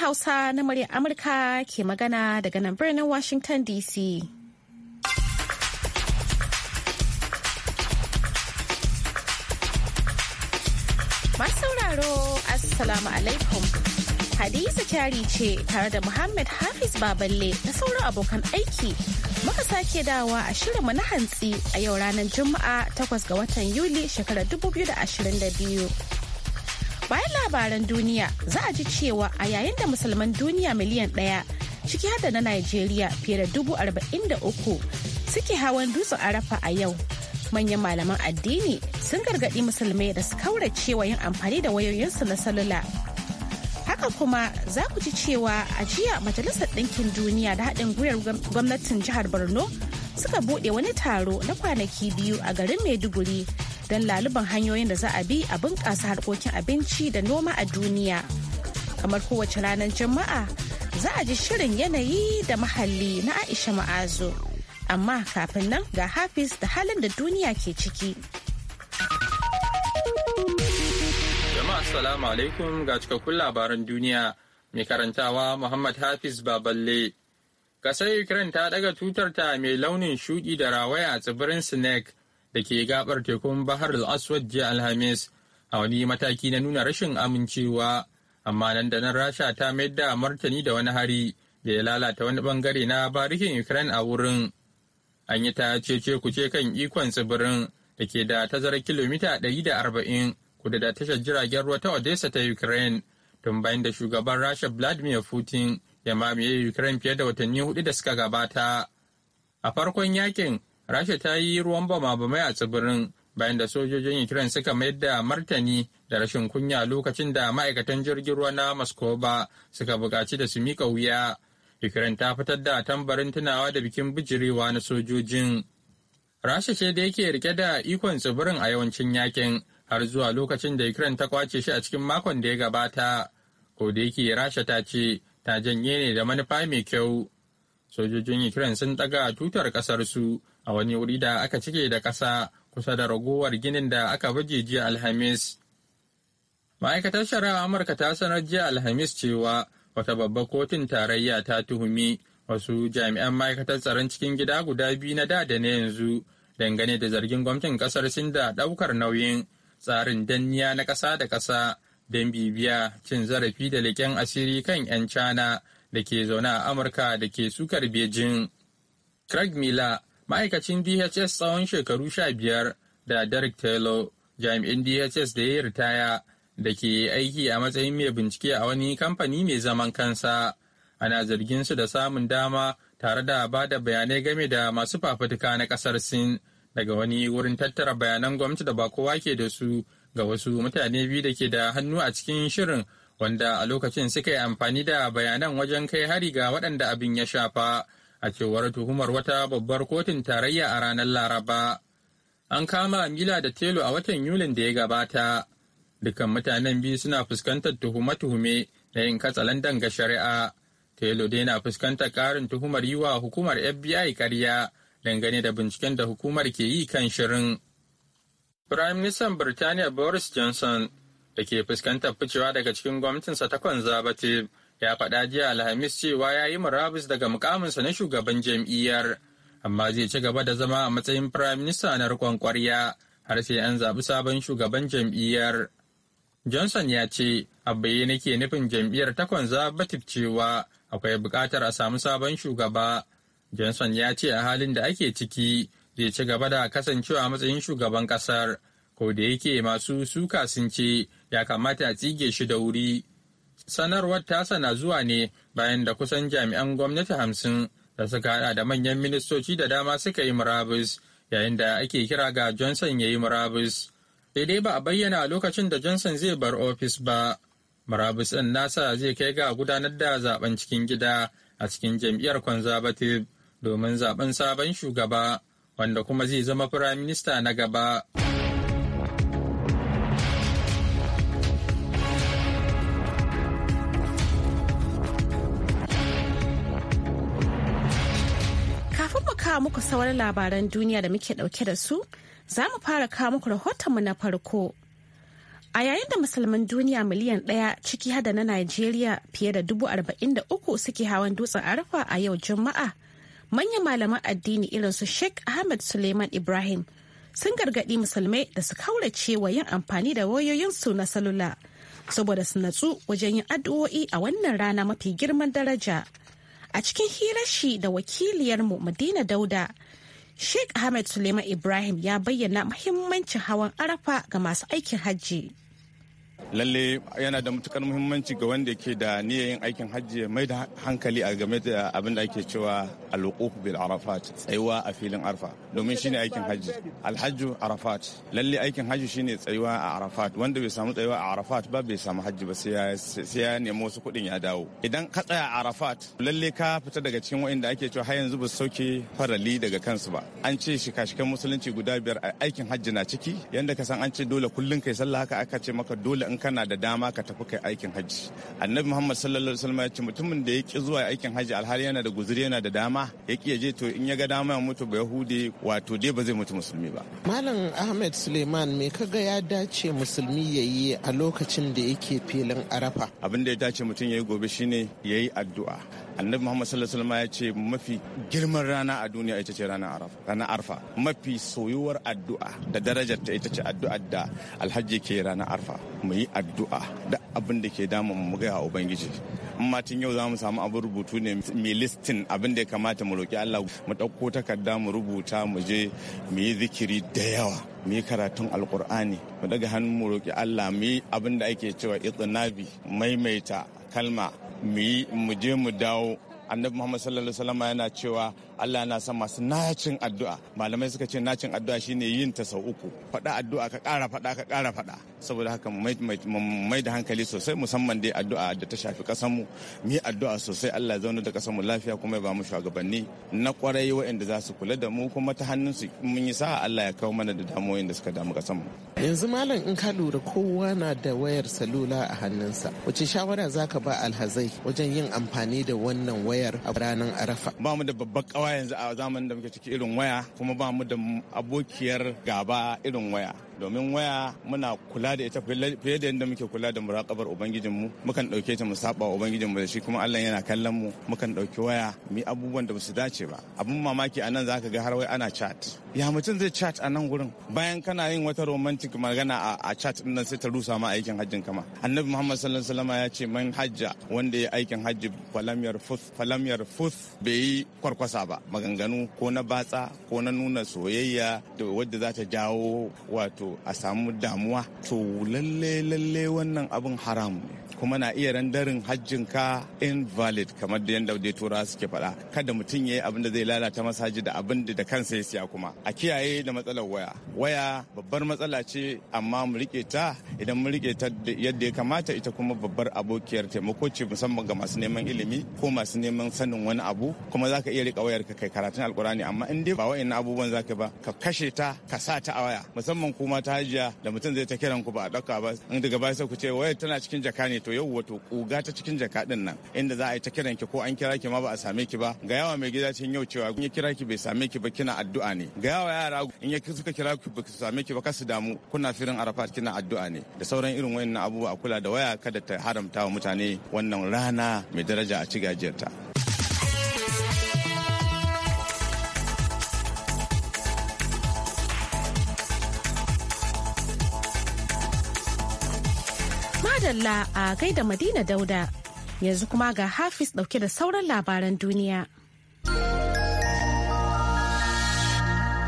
Hausa na muryar Amurka ke magana daga nan birnin Washington DC. Masu sauraro, Assalamu alaikum. Hadiza kyari ce tare da Muhammad Hafiz Baballe da sauran abokan aiki. Muka sake dawa a shirinmu na hantsi a yau ranar Juma'a 8 ga watan Yuli shekarar 2022. Bayan labaran duniya za a ji cewa a yayin da musulman duniya miliyan ɗaya ciki hada na Najeriya fiye da dubu arba'in da uku suke hawan dutsen arafa a yau. Manyan malaman addini sun gargaɗi musulmai da su kaura cewa yin amfani da wayoyinsu na salula. haka kuma za ku ji cewa a jiya majalisar ɗinkin duniya da haɗin gwiwar gwamnatin jihar borno suka buɗe wani taro na kwanaki biyu a garin maiduguri don laluban hanyoyin da za a bi a bunƙasa harkokin abinci da noma a duniya. Kamar kowace ranar Juma'a za a ji shirin yanayi da mahalli na Aisha Ma'azu. Amma kafin nan ga Hafiz da halin da duniya ke ciki. Jama'a salamu alaikum ga cikakkun labaran duniya. Mai karantawa Muhammad Hafiz Baballe. Kasar Ukraine ta ɗaga tutarta mai launin shuɗi da rawaya a tsibirin Snake da ke gabar tekun bahar al-aswad jiya alhamis a wani mataki na nuna rashin amincewa amma nan da nan rasha ta mayar da martani da wani hari da ya lalata wani bangare na barikin ukraine a wurin an yi ta cece kuce kan ikon tsibirin da ke da tazarar kilomita 140 kudu da tashar jiragen ruwa ta odessa ta ukraine tun bayan da shugaban rasha vladimir putin ya mamaye ukraine fiye da watanni hudu da suka gabata a farkon yakin rasha ta yi ruwan bama-bamai a tsibirin bayan da sojojin ukraine suka mayar da martani da rashin kunya lokacin da ma'aikatan jirgin ruwa na moscow suka buƙaci da su mika wuya ukraine ta fitar da tambarin tunawa da bikin bijirewa na sojojin rasha ce da yake rike da ikon tsibirin a yawancin yakin har zuwa lokacin da ukraine ta kwace shi a cikin makon da ya gabata ko da yake rasha ta ce ta janye ne da manufa mai kyau sojojin ukraine sun daga tutar ƙasarsu su a wani wuri da aka cike da ƙasa kusa da ragowar ginin da aka baje jiya alhamis ma'aikatar shari'a amurka ta sanar jiya alhamis cewa wata babbar kotun tarayya ta tuhumi wasu jami'an ma'aikatar tsaron cikin gida guda biyu na da da na yanzu dangane da zargin gwamnatin kasar sin da ɗaukar nauyin tsarin danniya na ƙasa da ƙasa don bibiya cin zarafi da leƙen asiri kan 'yan cana da ke zaune a amurka da ke sukar beijing craig miller ma'aikacin DHS tsawon shekaru sha biyar da Derek Taylor, jami'in DHS da ya yi ritaya da ke aiki a matsayin mai bincike a wani kamfani mai zaman kansa. Ana zargin su da samun dama tare da ba da bayanai game da masu fafutuka na kasar Sin daga wani wurin tattara bayanan gwamnati da ba kowa ke da su ga wasu mutane biyu da ke da hannu a cikin shirin wanda a lokacin suka yi amfani da bayanan wajen kai hari ga waɗanda abin ya shafa. a cewar tuhumar wata babbar kotun tarayya a ranar Laraba. An kama Mila da Telo a watan Yulin da ya gabata. Dukan mutanen biyu suna fuskantar tuhume-tuhume na yin katsalandan ga shari'a. Telo dai na fuskantar karin tuhumar yi wa hukumar FBI karya dangane da binciken da hukumar ke yi kan shirin. Firayim Birtaniya Boris Johnson da ke fuskantar ficewa daga cikin gwamnatinsa ta Conservative ya faɗa jiya alhamis cewa ya yi murabus daga mukaminsa na shugaban jam'iyyar amma zai ci gaba da zama a matsayin firaminista na riƙon ƙwarya har sai an zaɓi sabon shugaban jam'iyyar johnson ya ce a bayyane ke nufin jam'iyyar ta conservative cewa akwai buƙatar a samu sabon shugaba johnson ya ce a halin da ake ciki zai ci gaba da kasancewa a matsayin shugaban ƙasar ko da yake masu suka sun ce ya kamata a tsige shi da wuri Sanarwar tasa na zuwa ne bayan da kusan jami'an gwamnati hamsin da suka hada da manyan ministoci da dama suka yi murabus yayin da ake kira ga Johnson ya yi murabus. Daidai ba a bayyana a lokacin da Johnson zai bar ofis ba. Murabus ɗin nasa zai kai ga gudanar da zaben cikin gida a cikin jam'iyyar Conservative domin zaben sabon shugaba wanda kuma zai zama firaminista na gaba. muku sauran labaran duniya da muke dauke da su, za mu fara kawo muku mu na farko. A yayin da musulman duniya miliyan ɗaya ciki hada na Najeriya fiye da dubu arba'in da uku suke hawan dutsen Arafa a yau Juma'a, manyan malaman addini irin su Sheikh Ahmed Suleiman Ibrahim sun gargaɗi musulmai da su kaurace wa yin amfani da wayoyinsu na salula saboda su natsu wajen yin addu'o'i a wannan rana mafi girman daraja. a cikin hirar shi da wakiliyarmu madina dauda sheikh ahmed suleiman ibrahim ya bayyana muhimmancin hawan arafa ga masu aikin hajji lalle yana da matukar muhimmanci ga wanda ke da niyyar aikin hajji mai da hankali a game da abin da ake cewa alwukuf bil arafat tsayuwa a filin arfa domin shine aikin hajji alhajju arafat lalle aikin hajji shine tsayuwa a arafat wanda bai samu tsayuwa a arafat ba bai samu hajji ba sai ya nemi wasu kuɗin ya dawo idan ka tsaya a arafat lalle ka fita daga cikin wa'inda ake cewa har yanzu ba su sauke farali daga kansu ba an ce shika-shikan musulunci guda biyar aikin hajji na ciki yanda ka san an ce dole kullum kai sallah haka aka ce maka dole in kana da dama ka tafi kai aikin hajji annabi muhammad sallallahu alaihi wasallam ya ce mutumin da ya ki zuwa aikin hajji alhali yana da guzuri yana da dama ya ki je to in ya ga dama ya mutu ba yahudi wato dai ba zai mutu musulmi ba malam ahmed suleiman me kaga ya dace musulmi yayi a lokacin da yake filin arafa abin da ya dace mutum yayi gobe shine yayi addu'a annabi muhammad sallallahu alaihi wasallam ya ce mafi girman rana a duniya ita ce ranar arfa mafi soyuwar addu'a da darajar ta ita ce addu'a da alhaji ke ranar arfa mu yi addu'a da abin da ke damun mu gaya ubangiji amma tun yau za mu samu abin rubutu ne mai listin abin da ya kamata mu roki Allah mu ɗauko takarda mu rubuta mu je mu yi zikiri da yawa mu yi karatun alkur'ani mu daga hannu mu roki Allah mu yi abin da ake cewa itsinabi maimaita kalma mu yi mu je mu dawo annabi muhammad sallallahu alaihi wasallam yana cewa Allah na san masu nacin addu'a malamai suka ce nacin addu'a shine yin ta sau uku faɗa addu'a ka ƙara faɗa ka ƙara faɗa saboda haka mai da hankali sosai musamman dai addu'a da ta shafi ƙasar mu mu addu'a sosai Allah ya zauna da ƙasar mu lafiya kuma ya ba mu shugabanni na kwarai waɗanda za su kula da mu kuma ta hannun su mun yi sa'a Allah ya kawo mana da damoyin da suka damu ƙasar mu yanzu malam in ka lura kowa na da wayar salula a hannunsa wace shawara zaka ba alhazai wajen yin amfani da wannan wayar a ranar arafa ba mu da babbar yanzu a zamanin da muke ciki irin waya kuma ba mu da abokiyar gaba irin waya domin waya muna kula da ita fiye da yadda muke kula da murakabar ubangijinmu mukan ɗauke ta mu saba ubangijinmu da shi kuma Allah yana kallon mu mukan ɗauki waya mu abubuwan da basu dace ba abun mamaki a nan za ka ga har wai ana chat ya mutum zai chat a nan gurin bayan kana yin wata romantic magana a chat din nan sai ta rusa ma aikin hajjin kama annabi Muhammad sallallahu alaihi wasallam ya ce man hajja wanda ya aikin hajji falamiyar fus falamiyar bai yi kwarkwasa ba maganganu ko na batsa ko na nuna soyayya da wadda za ta jawo wato a samu damuwa to lalle lalle wannan abin haram ne kuma na iya randarin hajjin ka invalid kamar da yadda dai turawa suke faɗa kada mutum ya yi abin da zai lalata masa da abin da kansa ya siya kuma a kiyaye da matsalar waya waya babbar matsala ce amma mu rike ta idan mu rike ta yadda ya kamata ita kuma babbar abokiyar taimako ce musamman ga masu neman ilimi ko masu neman sanin wani abu kuma za ka iya rika wayar ka kai karatun alkurani amma in dai ba wa'annan abubuwan za ka ba ka kashe ta ka sa ta a waya musamman kuma ta hajiya da mutum zai ta kiran ku ba a ɗauka ba in daga baya sai ku ce wayar tana cikin jaka ne to wato yau wato kuga ta cikin jaka din nan inda za a yi ta kiran ki ko an kira ki ma ba a same ki ba ga yawa mai gida cin yau cewa in ya kira ki bai same ki ba kina addu'a ne ga yawa yara in ya suka kira ki ba same ki ba kasu damu kuna firin arafa kina addu'a ne da sauran irin wayannan abubuwa a kula da waya kada ta haramta wa mutane wannan rana mai daraja a ci gajiyarta. madalla a da Madina Dauda. Yanzu kuma ga Hafiz dauke da sauran labaran duniya.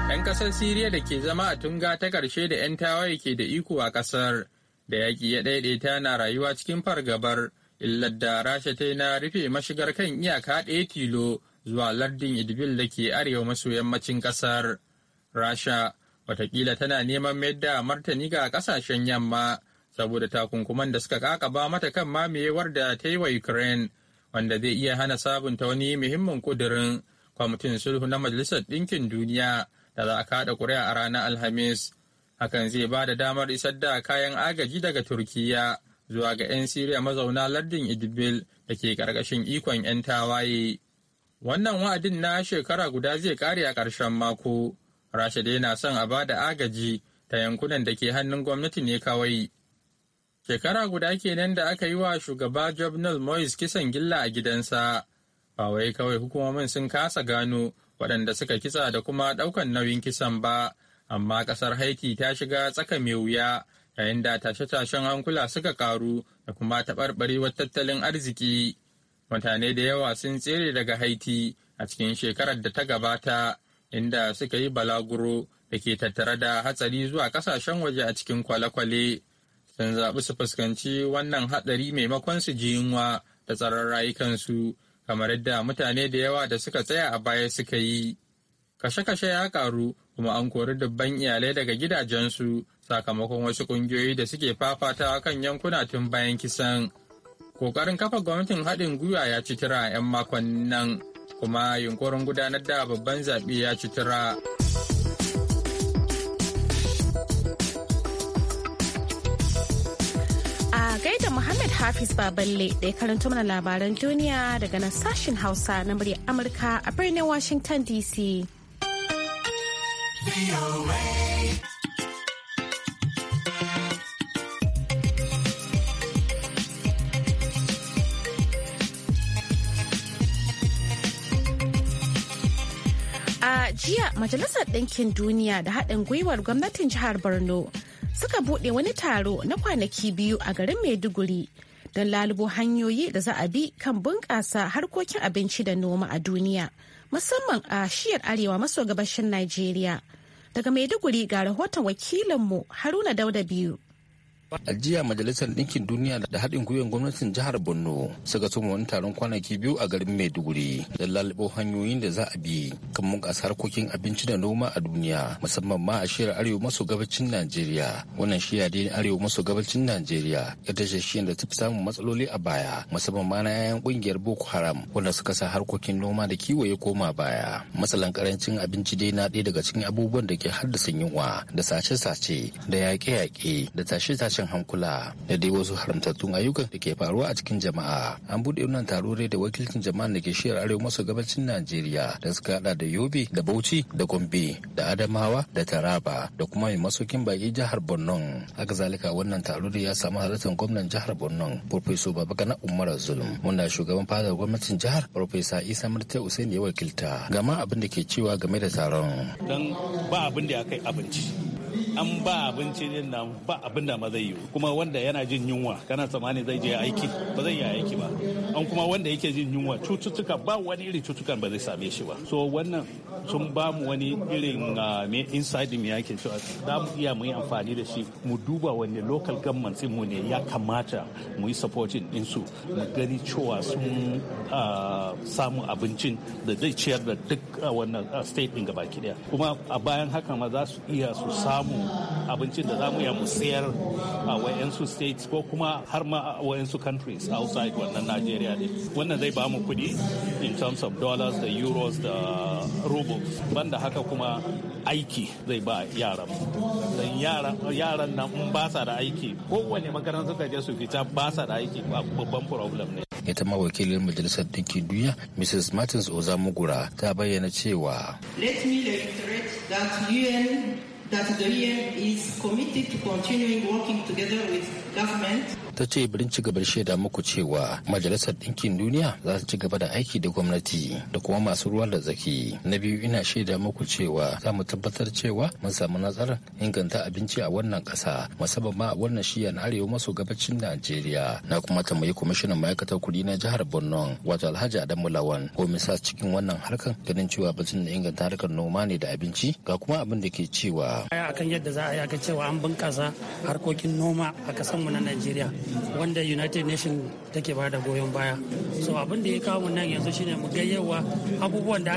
'Yan kasar Siriya da ke zama a tunga ta ƙarshe da 'yan tawaye ke da iko a ƙasar da yaƙi ya ɗaiɗaita na rayuwa cikin fargabar illar da rasha ta yi na rufe mashigar kan iyaka ɗaya tilo zuwa lardin Idbil da ke arewa maso yammacin ƙasar. Rasha watakila tana neman mayar da martani ga ƙasashen yamma saboda takunkuman da suka kakaba mata kan mamayewar da ta yi wa Ukraine wanda zai iya hana sabunta wani muhimmin kudirin kwamitin sulhu na Majalisar Ɗinkin Duniya da za a kaɗa ƙuri'a a ranar Alhamis. Hakan zai ba da damar isar da kayan agaji daga Turkiyya zuwa ga 'yan Siriya mazauna lardin Idbil da ke ƙarƙashin ikon 'yan tawaye. Wannan wa'adin na shekara guda zai kare a ƙarshen mako. Rasha dai na son a ba da agaji ta yankunan da ke hannun gwamnati ne kawai. Shekara guda kenan da aka yi wa shugaba Jovenel Moise kisan gilla a gidansa, ba wai kawai hukumomin sun kasa gano waɗanda suka kitsa da kuma ɗaukan nauyin kisan ba, amma ƙasar Haiti ta shiga tsaka mai wuya yayin da tashe-tashen hankula suka ƙaru da kuma taɓarɓarewar tattalin arziki. Mutane da yawa sun tsere daga Haiti a cikin shekarar da ta gabata, inda suka yi balaguro da ke tattare da hatsari zuwa ƙasashen waje a cikin kwale-kwale. sun zaɓi su fuskanci wannan haɗari maimakon su ji yunwa da tsaron rayukansu kamar yadda mutane da yawa da suka tsaya a baya suka yi. Kashe-kashe ya ƙaru kuma an kori dubban iyalai daga gidajensu sakamakon wasu ƙungiyoyi da suke fafata kan yankuna tun bayan kisan. Ƙoƙarin kafa gwamnatin haɗin gwiwa ya ci tira 'yan makon nan kuma yunkurin gudanar da babban zaɓe ya ci tira. gaida Muhammad Hafiz Baballe da ya karanto mana labaran duniya daga nan sashen Hausa na murya Amurka a birnin Washington DC. A jiya Majalisar Ɗinkin Duniya da haɗin gwiwar gwamnatin jihar Borno suka buɗe wani taro na kwanaki biyu a garin Maiduguri don lalubo hanyoyi da za a bi kan bunƙasa harkokin abinci da noma a duniya, musamman a shiyar arewa maso gabashin Najeriya. Daga Maiduguri ga rahoton wakilinmu Haruna Dauda biyu. A jiya Majalisar Ɗinkin Duniya da haɗin gwiwar gwamnatin jihar Borno suka suma wani taron kwanaki biyu a garin Maiduguri da lalubo hanyoyin da za a bi kan bunƙasa harkokin abinci da noma a duniya musamman ma a shirar arewa maso gabacin Najeriya. Wannan shiya dai arewa maso gabacin Najeriya ya ce da ta fi samun matsaloli a baya musamman ma na 'ya'yan ƙungiyar Boko Haram wanda suka sa harkokin noma da kiwo ya koma baya. Matsalan karancin abinci dai na ɗaya daga cikin abubuwan da ke haddasa yunwa da sace-sace da yaƙe-yaƙe da tashe-tashe tashin hankula da dai wasu haramtattun ayyukan da ke faruwa a cikin jama'a an buɗe wannan taro da wakilcin jama'a da ke shiyar arewa maso gabacin najeriya da suka hada da yobe da bauchi da gombe da adamawa da taraba da kuma mai masaukin baki jihar borno haka zalika wannan taro ne ya samu halartar gwamnan jihar borno professor na umar zulum wanda shugaban fadar gwamnatin jihar Profesa isa murtai usain ya wakilta gama abin da ke cewa game da taron ba abin da ya kai abinci an ba abinci nan ba abin da ma zai yiwu kuma wanda yana jin yunwa kana tsammani zai je aiki ba zai yi aiki ba an kuma wanda yake jin yunwa cututtuka ba wani irin cututtukan ba zai same shi ba so wannan sun ba mu wani irin ah, me inside me yake cewa za mu iya mu yi amfani da shi mu duba wani local government mu ne ya kamata mu yi supporting din su mu gani cewa sun ah, samu abincin da zai ciyar da duk ah, wannan state din gabaki daya kuma a bayan haka ma za su iya su samu abincin da za mu iya mu sayar a wayansu states ko kuma har ma a wayansu countries outside wannan Najeriya din wannan zai ba mu kuɗi in terms of dollars da euros da rubles banda haka kuma aiki zai ba yaran dan yaran nan in ba sa da aiki wani makaranta da je su fita ba sa da aiki ba babban problem ne ita ma wakilin majalisar dinkin duniya mrs martins ozamugura ta bayyana cewa let me reiterate that un that the EU is committed to continuing working together with ta ce birin ci gabar shaida muku cewa majalisar ɗinkin duniya za ta ci gaba da aiki da gwamnati da kuma masu ruwa da zaki na biyu ina shaida muku cewa za mu tabbatar cewa mun samu nasarar inganta abinci a wannan ƙasa musamman ma a wannan shiya na arewa maso gabacin najeriya na kuma ta tambayi kwamishinan ma'aikatar kuɗi na jihar borno wato alhaji adamu lawan ko misa cikin wannan harkan ganin cewa batun da inganta harkar noma ne da abinci ga kuma abin da ke cewa akan yadda za a yi aka cewa an bunkasa harkokin noma a ƙasar mu na Najeriya wanda United Nations take bada goyon baya. So abin da ya kawo nan yanzu shine mu gayyawa abubuwan da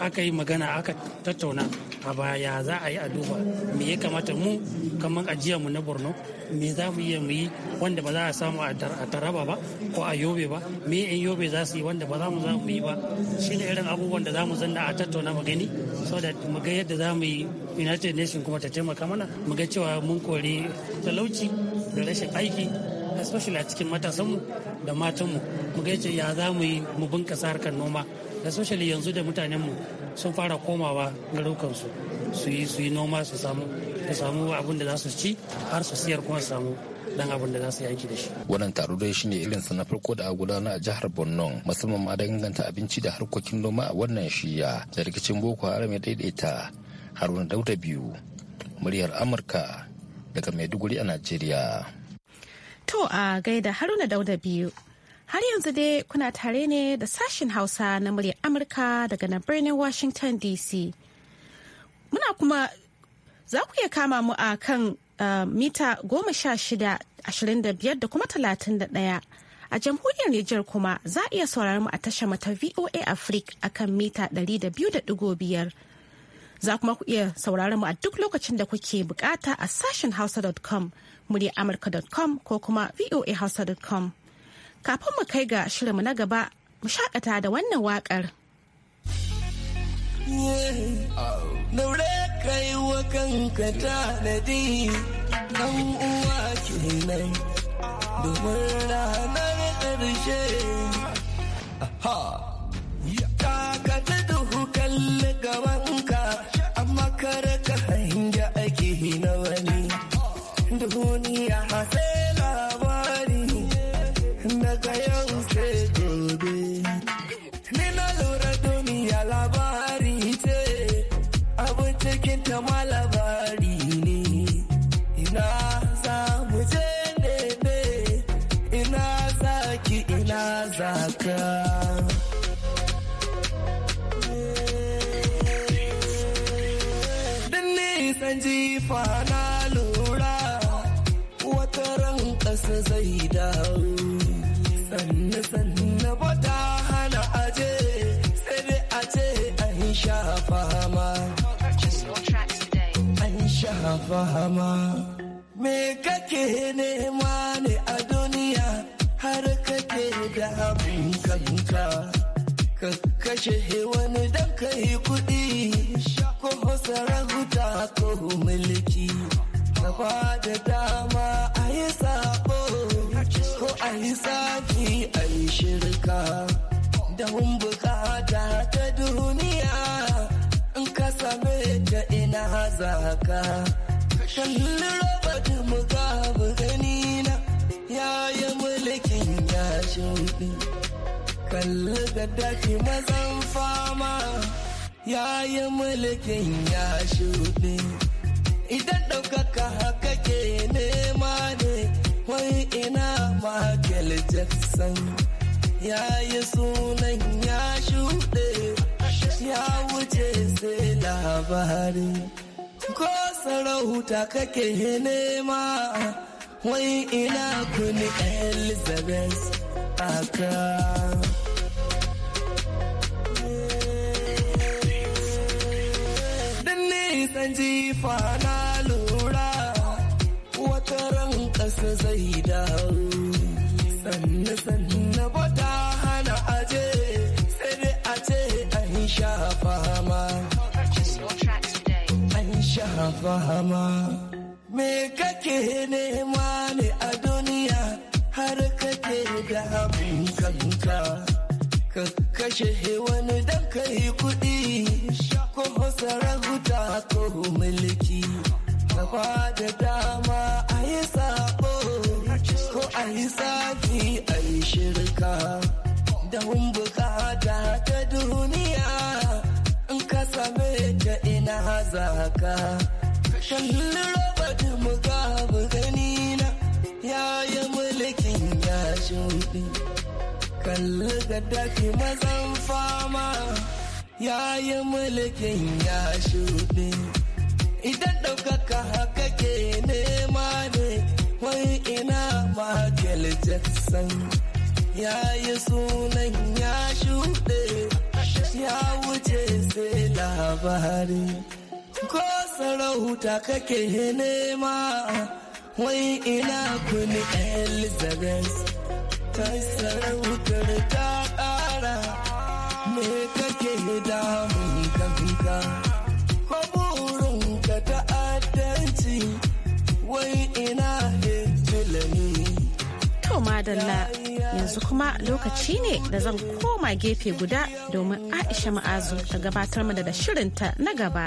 aka yi magana aka tattauna a baya za a yi a duba me ya kamata mu kamar ajiyar mu na Borno me za mu iya mu yi wanda ba za a samu a taraba ba ko a yobe ba me in yobe za su yi wanda ba za mu za mu yi ba shine irin abubuwan da za mu zanna a tattauna mu gani so da mu ga yadda za mu yi United Nations kuma ta taimaka mana mu ga cewa mun kori talauci da rashin aiki especially a cikin matasanmu da matanmu mu ga yace ya za mu yi mu bunkasa harkar noma especially yanzu da mutanenmu sun fara komawa garukansu su yi su yi noma su samu su samu abin da za su ci har su siyar kuma su samu dan abin da za su yanki da shi. Wannan taro dai shine irin sa na farko da a gudana a jihar Borno musamman ma da inganta abinci da harkokin noma a wannan shiya da rikicin Boko Haram ya daidaita Haruna Dauda biyu muryar Amurka daga Maiduguri a Najeriya. To a gaida Haruna Dauda biyu. Har yanzu dai kuna tare ne da sashen Hausa na muryar Amurka daga nan birnin Washington DC. Muna kuma za ku iya kama mu a kan mita goma sha shida ashirin da biyar da kuma talatin da ɗaya. A jamhuriyar Nijar kuma za a iya sauraron mu a tashar mata VOA Africa akan mita ɗari da biyu da ɗigo biyar. Za kuma ku iya sauraron mu a duk lokacin da kuke bukata a sashen hausa.com, amurka.com ko kuma voahausa.com. Kafin mu kai ga shirinmu na gaba, mu shakata da wannan waƙar. Daure kai wa kanka tanadi, uwa kenan, domin ranar ƙarshe. Ta Ka duhu kalli gabanka. na wani duniya hasai ƙasa zai dawo sannu sanna ba ta hana aje sai aje a ce an sha fama an shafa ma. me kake nema ne a duniya har kake da abin kanka ka kashe wani dan kai kuɗi ko sarauta ko mulki gaba da dama a yi sabo ko a yi safi a yi shirka da bukata ta duniya in ka same ta ina zaka ka kalli mu mugabe ganina ya yi mulkin ya shuɗi kalli da dafi mazan fama ya yi mulkin ya shuɗi Jackson ya yi sunan ya shuɗe ya wuce sai labari ko sarauta kake nema wai ina kuni Elizabeth aka. nisan jifa na lura wata ran ƙasa zai dawo. sannu sannu hana aje sai dai a ce an sha fama an sha me kake nema ne a duniya har kake da abin kanka ka kashe wani dan kai kuɗi ko sarauta ko mulki ka da dama zaka kalli robert gani na ya yi mulkin ya shuɗi kalli daki mazan fama ya yi mulkin ya shuɗi idan ɗaukaka haka ke nema ne wai ina Michael Jackson ya yi sunan ya shuɗe ya wuce sai labari. ko sarauta kake nema wai ina kuni elizabeth ta sarautar ta ƙara me kake damun kanka ko burinka ta'addanci wai ina To madalla yanzu kuma lokaci ne da zan koma gefe guda domin Aisha Ma'azu ta gabatar mana da shirinta na gaba.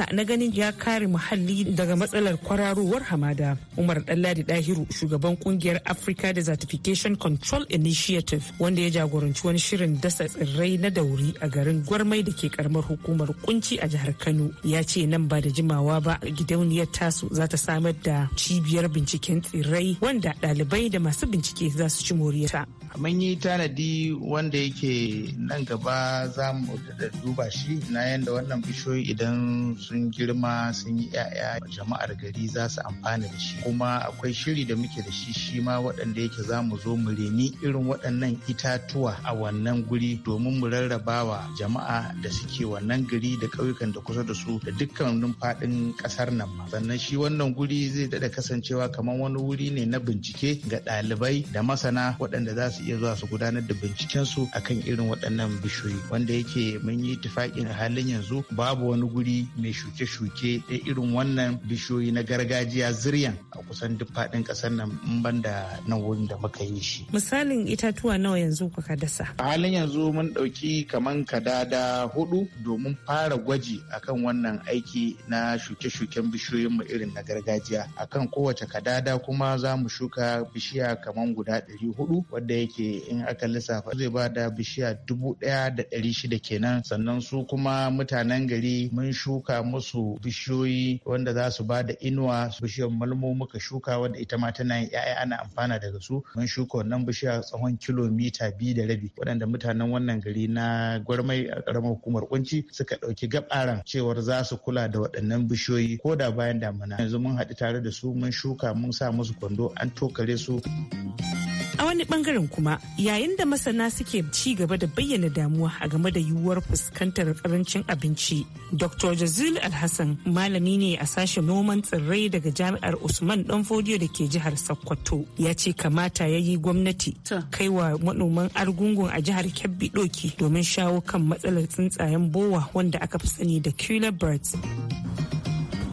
sa na ganin ya kare muhalli daga matsalar kwararowar hamada. Umar Ɗanladi Dahiru shugaban kungiyar Africa Desertification Control Initiative wanda ya jagoranci wani shirin dasa tsirrai na dauri a garin Gwarmai da ke karamar hukumar kunci a jihar Kano ya ce nan ba da jimawa ba gidauniyar tasu za ta samar da cibiyar binciken tsirrai wanda dalibai da masu bincike za su ci moriyarta. Mun yi tanadi wanda yake nan gaba za mu duba shi na yadda wannan bishiyoyi idan sun girma sun yi 'ya'ya jama'ar gari za su amfana da shi kuma akwai shiri da muke da shi shi ma waɗanda yake za mu zo mu reni irin waɗannan itatuwa a wannan guri domin mu rarrabawa jama'a da suke wannan gari da ƙauyukan da kusa da su da dukkanin numfaɗin ƙasar nan ma sannan shi wannan guri zai daɗa kasancewa kamar wani wuri ne na bincike ga ɗalibai da masana waɗanda za su iya zuwa su gudanar da bincikensu akan irin waɗannan bishiyoyi wanda yake mun yi tufaƙin halin yanzu babu wani guri mai shuke-shuke da irin wannan bishiyoyi na gargajiya ziryan a kusan duk faɗin ƙasar nan in ban da nan wurin da muka yi shi. Misalin itatuwa nawa yanzu kuka dasa? A halin yanzu mun ɗauki kaman kadada hudu domin fara gwaji akan wannan aiki na shuke-shuken bishiyoyin mu irin na gargajiya. Akan kowace kadada kuma za mu shuka bishiya kaman guda ɗari hudu wadda yake in aka lissafa zai ba da bishiya dubu ɗaya da ɗari shida kenan sannan su kuma mutanen gari mun shuka musu bishiyoyi wanda za su ba da inuwa bishiyar malmo muka shuka wanda ita ma tana yin 'ya'ya ana amfana daga su mun shuka wannan bishiya tsawon kilomita biyu da rabi waɗanda mutanen wannan gari na gwarmai a ƙaramar hukumar kunci suka ɗauki gabaran cewar za su kula da waɗannan bishiyoyi ko da bayan damina yanzu mun haɗu tare da su mun shuka mun sa musu kwando an tokare su. a wani bangaren kuma yayin da masana suke ci gaba da bayyana damuwa a game da yiwuwar fuskantar karancin abinci dr jazil alhassan malami ne a sashen noman tsirrai daga jami'ar usman dan fodiyo da ke jihar sokoto ya ce kamata ya yi gwamnati kai wa manoman argungun a jihar kebbi doki domin shawo kan matsalar tsuntsayen bowa wanda aka fi sani da killer birds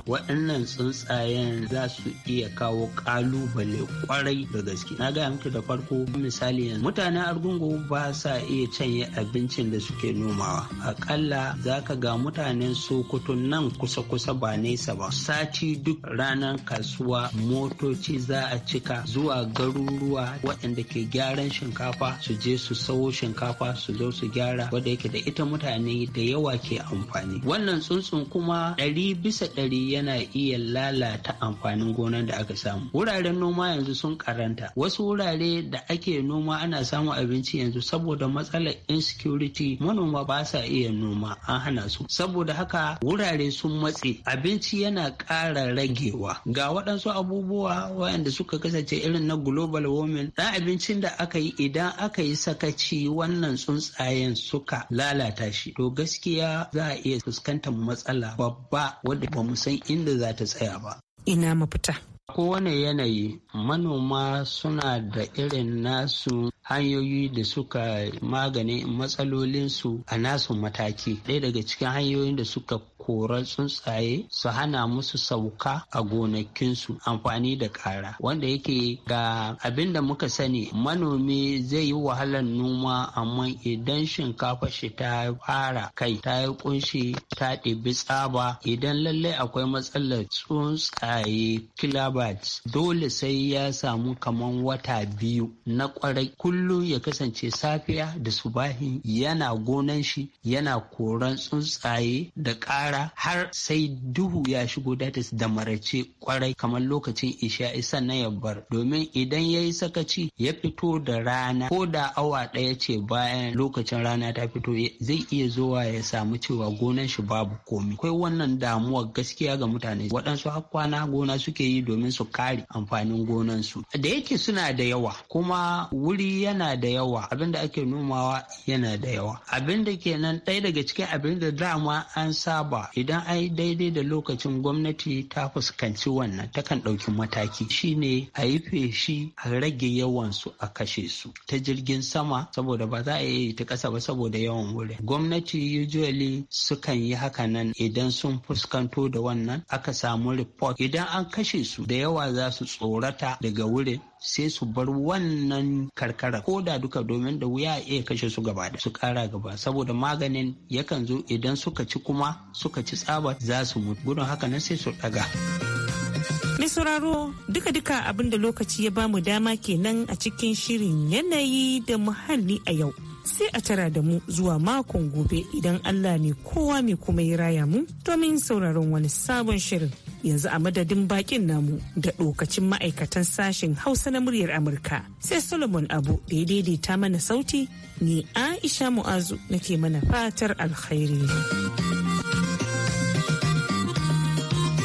waɗannan tsuntsayen za su iya kawo ƙalubale kwarai da gaske na gaya miki da farko misali yanzu mutanen argungu ba sa iya canye abincin da suke nomawa akalla za ka ga mutanen sokoto nan kusa-kusa ba nesa ba sati duk ranar kasuwa motoci za a cika zuwa garuruwa waɗanda ke gyaran shinkafa su je su sawo shinkafa su zo su gyara wanda yake da ita mutane da yawa ke amfani wannan tsuntsun kuma ɗari bisa ɗari yana iya lalata amfanin gonar da aka samu wuraren noma yanzu sun karanta wasu wurare da ake noma ana samun abinci yanzu saboda matsalar insecurity manoma ba sa iya noma an hana su saboda haka wurare sun matse abinci yana ƙara ragewa ga waɗansu abubuwa waɗanda suka kasance irin na global warming ɗan abincin da aka yi idan aka yi sakaci wannan tsuntsayen suka lalata shi to gaskiya za a iya fuskantar matsala babba wadda ba mu san inda za ta tsaya ba. Ina mafita. kowane yanayi manoma suna da irin nasu hanyoyi da suka magane matsalolinsu a nasu mataki ɗaya daga cikin hanyoyin da suka kora tsuntsaye su hana musu sauka a gonakinsu amfani da ƙara wanda yake ga abin da muka sani manomi zai yi wahalar noma amma idan shinkafa shi ta fara kai ta yi kunshi ta ɗibi tsaba idan lallai akwai matsalar tsuntsaye kila Roberts dole sai ya samu kaman wata biyu na kwarai kullum ya kasance safiya da subahi yana gonan shi yana koran tsuntsaye da ƙara har sai duhu ya shigo datis da marace kwarai kamar lokacin isha'i sannan ya bar domin idan ya yi sakaci ya fito da rana ko da awa ɗaya ce bayan lokacin rana ta fito zai iya zuwa ya samu cewa gonan shi babu komi akwai wannan damuwar gaskiya ga mutane waɗansu har gona suke yi domin domin su kare amfanin gonansu da yake suna da yawa kuma wuri yana da yawa abin da ake nomawa yana da yawa abin da kenan ɗaya daga cikin abin da dama an saba idan ai daidai da lokacin gwamnati ta fuskanci wannan takan ɗauki mataki shine a yi feshi a rage yawansu a kashe su ta jirgin sama saboda ba za a yi ta ƙasa ba saboda yawan wurin gwamnati usually sukan yi haka nan idan sun fuskanto da wannan aka samu report idan an kashe su da yawa za su tsorata daga wurin sai su bar wannan karkara ko da duka domin da wuya iya kashe su gaba da su kara gaba saboda maganin yakan zo idan suka ci kuma suka ci tsaba za su mutu gudun haka nan sai su daga. Mai sauraro duka-duka abin da lokaci ya bamu dama kenan a cikin shirin yanayi da muhalli a yau. Sai a tara da mu zuwa makon gobe idan Allah ne kowa mai kuma yi raya mu domin sauraron wani sabon shirin. yanzu a madadin bakin namu da ɗokacin ma'aikatan sashen hausa na muryar amurka sai solomon abu da ya daidaita mana sauti ne aisha mu'azu nake mana fatar alkhairi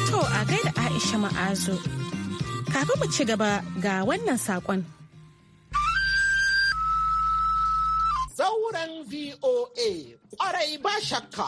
to a gaida aisha mu'azu kafin mu ci gaba ga wannan sakon. Sauran voa kwarai ba shakka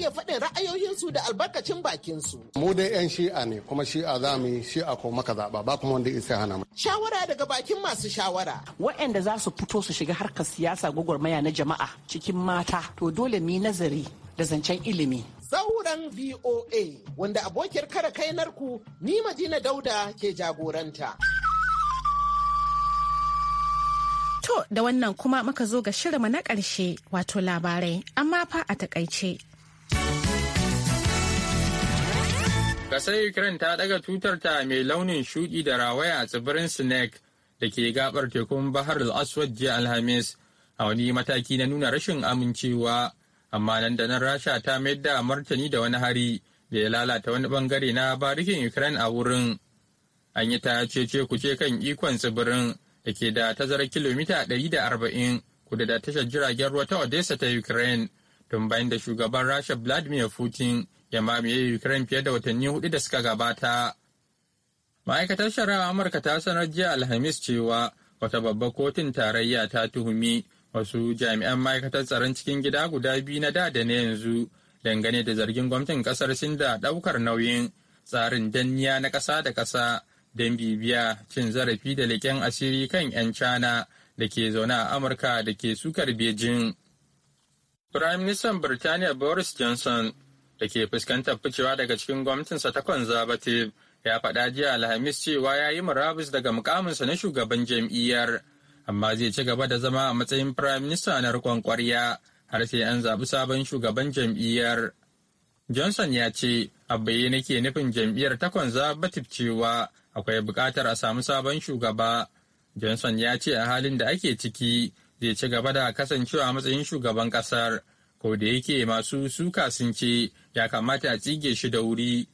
iya faɗin ra'ayoyinsu da albarkacin bakinsu. Mu dai 'yan shi'a ne kuma shi'a za mu yi shi'a ko maka zaɓa ba kuma wanda isa hana mu. Shawara daga bakin masu shawara. Waɗanda za su fito su shiga harkar siyasa gwagwarmaya na jama'a cikin mata to dole mu nazari da zancen ilimi. Sauran VOA wanda abokiyar kare kainarku ni Madina Dauda ke jagoranta. To da wannan kuma muka zo ga shirinmu na ƙarshe wato labarai amma fa a takaice. Ƙasar Ukraine ta ɗaga tutarta mai launin shuɗi da rawaya a tsibirin Snake da ke gabar tekun Bahar al-Aswad jiya Alhamis a wani mataki na nuna rashin amincewa, amma nan da nan Rasha ta mayar da martani da wani hari da ya lalata wani bangare na barikin Ukraine a wurin. An yi ta cece kuce kan ikon tsibirin da ke da tazarar kilomita 140 kudu da tashar jiragen ruwa ta Odessa ta Ukraine tun bayan da shugaban Rasha Vladimir Putin ya mamaye Ukraine fiye da watanni hudu da suka gabata. Ma'aikatar shari'a Amurka ta sanar jiya Alhamis cewa wata babbar kotun tarayya ta tuhumi wasu jami'an ma'aikatar tsaron cikin gida guda biyu na da da na yanzu dangane da zargin gwamnatin kasar Sin da daukar nauyin tsarin danniya na ƙasa da ƙasa don bibiya cin zarafi da leƙen asiri kan 'yan cana da ke zaune a Amurka da ke sukar Beijing. Firaministan Birtaniya Boris Johnson da ke fuskantar ficewa daga cikin gwamnatinsa ta conservative ya faɗa jiya alhamis cewa ya yi murabus daga mukaminsa na shugaban jam'iyyar amma zai ci gaba da zama a matsayin prime minister na rikon kwarya har sai an zaɓi sabon shugaban jam'iyyar johnson ya ce abbaye nake nufin jam'iyyar ta conservative cewa akwai buƙatar a samu sabon shugaba johnson ya ce a halin da ake ciki zai ci gaba da kasancewa a matsayin shugaban ƙasar ko da yake masu suka sun ce ya kamata a tsige shi da wuri.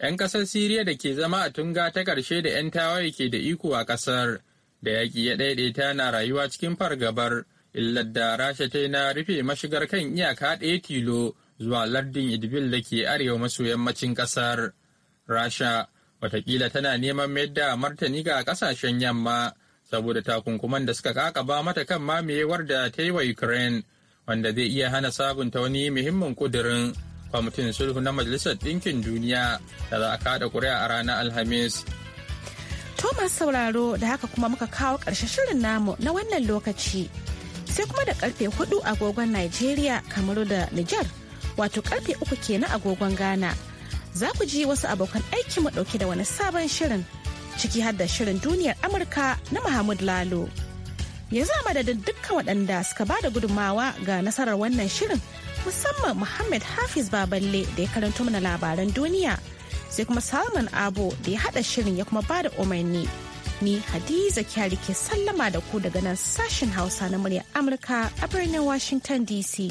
'Yan ƙasar Siriya da ke zama a tunga ta ƙarshe da 'yan tawaye ke da iko a ƙasar da yaƙi ya ɗaiɗaita na rayuwa cikin fargabar illar da rasha ta na rufe mashigar kan iyaka ɗaya tilo zuwa lardin Idbil da ke arewa maso yammacin ƙasar. Rasha watakila tana neman mayar da martani ga ƙasashen yamma saboda takunkuman da suka kakaba mata kan mamayewar da ta yi wa Ukraine wanda zai iya hana sabunta wani muhimmin kudirin kwamitin sulhu na majalisar ɗinkin duniya da za a kada kuri'a a ranar alhamis Thomas sauraro da haka kuma muka kawo ƙarshen shirin namu na wannan lokaci sai kuma da karfe hudu agogon nigeria kamaru da niger wato karfe uku na agogon Ghana za ku ji wasu abokan aiki mu ɗauke da wani sabon shirin ciki har da shirin duniyar Amurka na Muhammad Lalo. yanzu a madadin dukkan waɗanda suka ba da gudummawa ga nasarar wannan shirin musamman muhammad hafiz baballe da ya karanto mana labaran duniya sai kuma salman abo da ya haɗa shirin ya kuma ba da umarni ni hadiza kyari ke sallama da ku daga nan sashen hausa na muryar amurka a birnin washington dc